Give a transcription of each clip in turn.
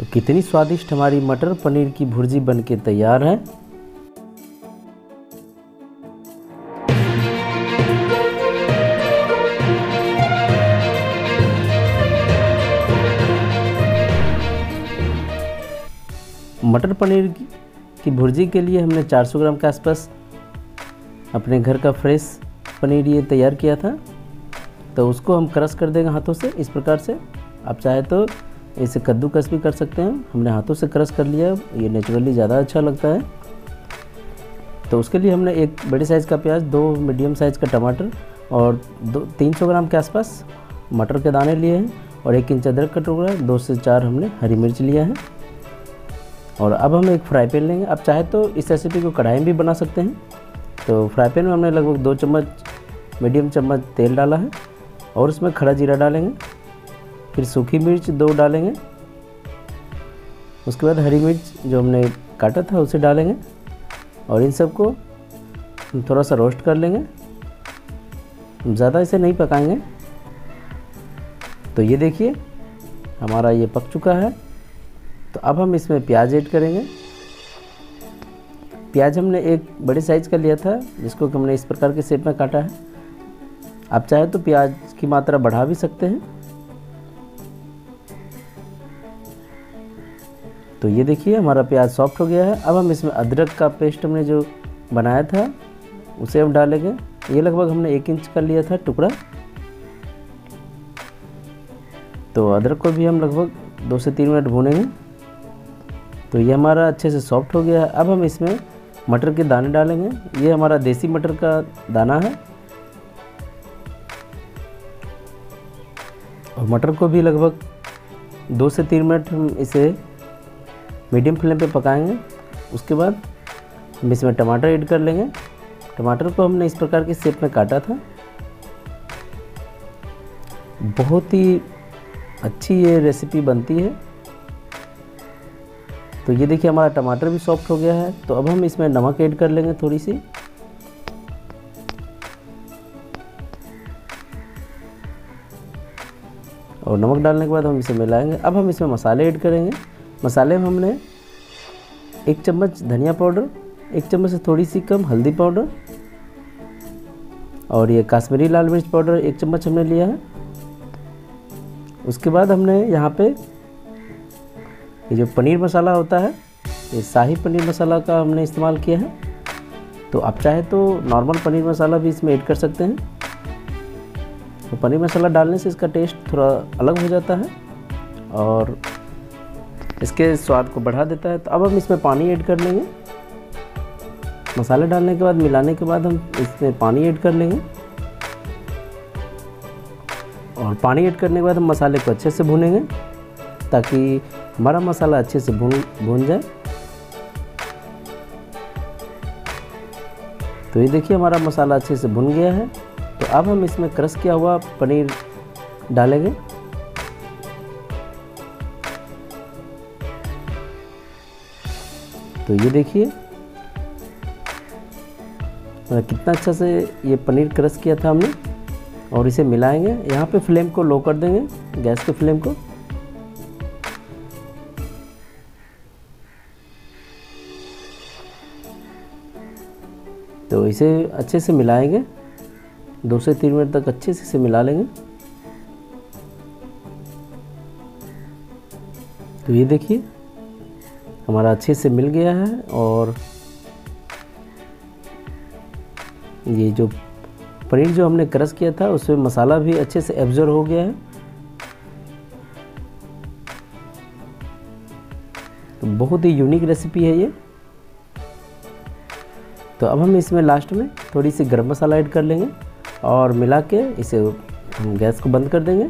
तो कितनी स्वादिष्ट हमारी मटर पनीर की भुर्जी बनके तैयार है मटर पनीर की भुर्जी के लिए हमने 400 ग्राम के आसपास अपने घर का फ्रेश पनीर ये तैयार किया था तो उसको हम क्रश कर देंगे हाथों से इस प्रकार से आप चाहे तो इसे कद्दूकस भी कर सकते हैं हमने हाथों से क्रश कर लिया ये नेचुरली ज़्यादा अच्छा लगता है तो उसके लिए हमने एक बड़े साइज़ का प्याज दो मीडियम साइज़ का टमाटर और दो तीन सौ ग्राम के आसपास मटर के दाने लिए हैं और एक इंच अदरक का टुकड़ा दो से चार हमने हरी मिर्च लिया है और अब हम एक फ्राई पैन लेंगे आप चाहे तो इस रेसिपी को कढ़ाई में भी बना सकते हैं तो फ्राई पैन में हमने लगभग दो चम्मच मीडियम चम्मच तेल डाला है और उसमें खड़ा जीरा डालेंगे फिर सूखी मिर्च दो डालेंगे उसके बाद हरी मिर्च जो हमने काटा था उसे डालेंगे और इन सबको थोड़ा सा रोस्ट कर लेंगे ज़्यादा इसे नहीं पकाएंगे तो ये देखिए हमारा ये पक चुका है तो अब हम इसमें प्याज ऐड करेंगे प्याज हमने एक बड़े साइज़ का लिया था जिसको कि हमने इस प्रकार के शेप में काटा है आप चाहे तो प्याज की मात्रा बढ़ा भी सकते हैं तो ये देखिए हमारा प्याज सॉफ्ट हो गया है अब हम इसमें अदरक का पेस्ट हमने जो बनाया था उसे हम डालेंगे ये लगभग हमने एक इंच कर लिया था टुकड़ा तो अदरक को भी हम लगभग दो से तीन मिनट भूनेंगे तो ये हमारा अच्छे से सॉफ्ट हो गया है अब हम इसमें मटर के दाने डालेंगे ये हमारा देसी मटर का दाना है और मटर को भी लगभग दो से तीन मिनट हम इसे मीडियम फ्लेम पे पकाएंगे उसके बाद हम इसमें टमाटर ऐड कर लेंगे टमाटर को हमने इस प्रकार के शेप में काटा था बहुत ही अच्छी ये रेसिपी बनती है तो ये देखिए हमारा टमाटर भी सॉफ्ट हो गया है तो अब हम इसमें नमक ऐड कर लेंगे थोड़ी सी और नमक डालने के बाद हम इसे मिलाएंगे अब हम इसमें मसाले ऐड करेंगे मसाले में हमने एक चम्मच धनिया पाउडर एक चम्मच से थोड़ी सी कम हल्दी पाउडर और ये काश्मीरी लाल मिर्च पाउडर एक चम्मच हमने लिया है उसके बाद हमने यहाँ पे ये जो पनीर मसाला होता है ये शाही पनीर मसाला का हमने इस्तेमाल किया है तो आप चाहे तो नॉर्मल पनीर मसाला भी इसमें ऐड कर सकते हैं तो पनीर मसाला डालने से इसका टेस्ट थोड़ा अलग हो जाता है और इसके स्वाद को बढ़ा देता है तो अब हम इसमें पानी ऐड कर लेंगे मसाला डालने के बाद मिलाने के बाद हम इसमें पानी ऐड कर लेंगे और पानी ऐड करने के बाद हम मसाले को अच्छे से भूनेंगे ताकि हमारा मसाला अच्छे से भून भून जाए तो ये देखिए हमारा मसाला अच्छे से भुन गया है तो अब हम इसमें क्रश किया हुआ पनीर डालेंगे तो ये देखिए मतलब कितना अच्छा से ये पनीर क्रश किया था हमने और इसे मिलाएंगे यहाँ पे फ्लेम को लो कर देंगे गैस के फ्लेम को तो इसे अच्छे से मिलाएंगे दो से तीन मिनट तक अच्छे से इसे मिला लेंगे तो ये देखिए हमारा अच्छे से मिल गया है और ये जो पनीर जो हमने क्रश किया था उसमें मसाला भी अच्छे से एब्जर्व हो गया है तो बहुत ही यूनिक रेसिपी है ये तो अब हम इसमें लास्ट में थोड़ी सी गर्म मसाला ऐड कर लेंगे और मिला के इसे हम गैस को बंद कर देंगे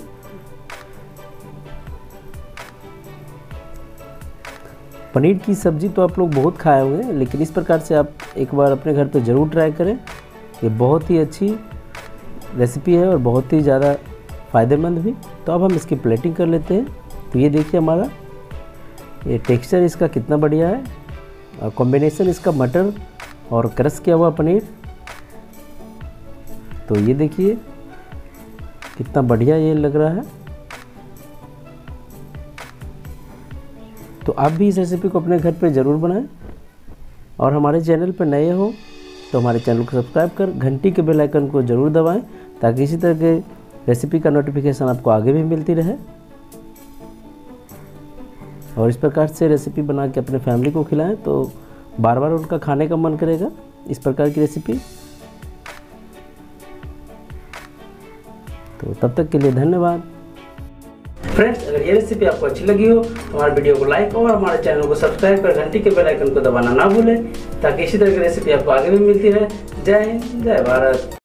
पनीर की सब्ज़ी तो आप लोग बहुत खाए होंगे लेकिन इस प्रकार से आप एक बार अपने घर पर ज़रूर ट्राई करें ये बहुत ही अच्छी रेसिपी है और बहुत ही ज़्यादा फ़ायदेमंद भी तो अब हम इसकी प्लेटिंग कर लेते हैं तो ये देखिए हमारा ये टेक्सचर इसका कितना बढ़िया है और कॉम्बिनेसन इसका मटर और क्रस किया हुआ पनीर तो ये देखिए कितना बढ़िया ये लग रहा है तो आप भी इस रेसिपी को अपने घर पर ज़रूर बनाएं और हमारे चैनल पर नए हो तो हमारे चैनल को सब्सक्राइब कर घंटी के बेल आइकन को ज़रूर दबाएं ताकि इसी तरह के रेसिपी का नोटिफिकेशन आपको आगे भी मिलती रहे और इस प्रकार से रेसिपी बना के अपने फैमिली को खिलाएं तो बार बार उनका खाने का मन करेगा इस प्रकार की रेसिपी तो तब तक के लिए धन्यवाद फ्रेंड्स अगर ये रेसिपी आपको अच्छी लगी हो तो हमारे वीडियो को लाइक और हमारे चैनल को सब्सक्राइब कर घंटी के बेल आइकन को दबाना ना भूलें ताकि इसी तरह की रेसिपी आपको आगे भी मिलती रहे जय हिंद जय भारत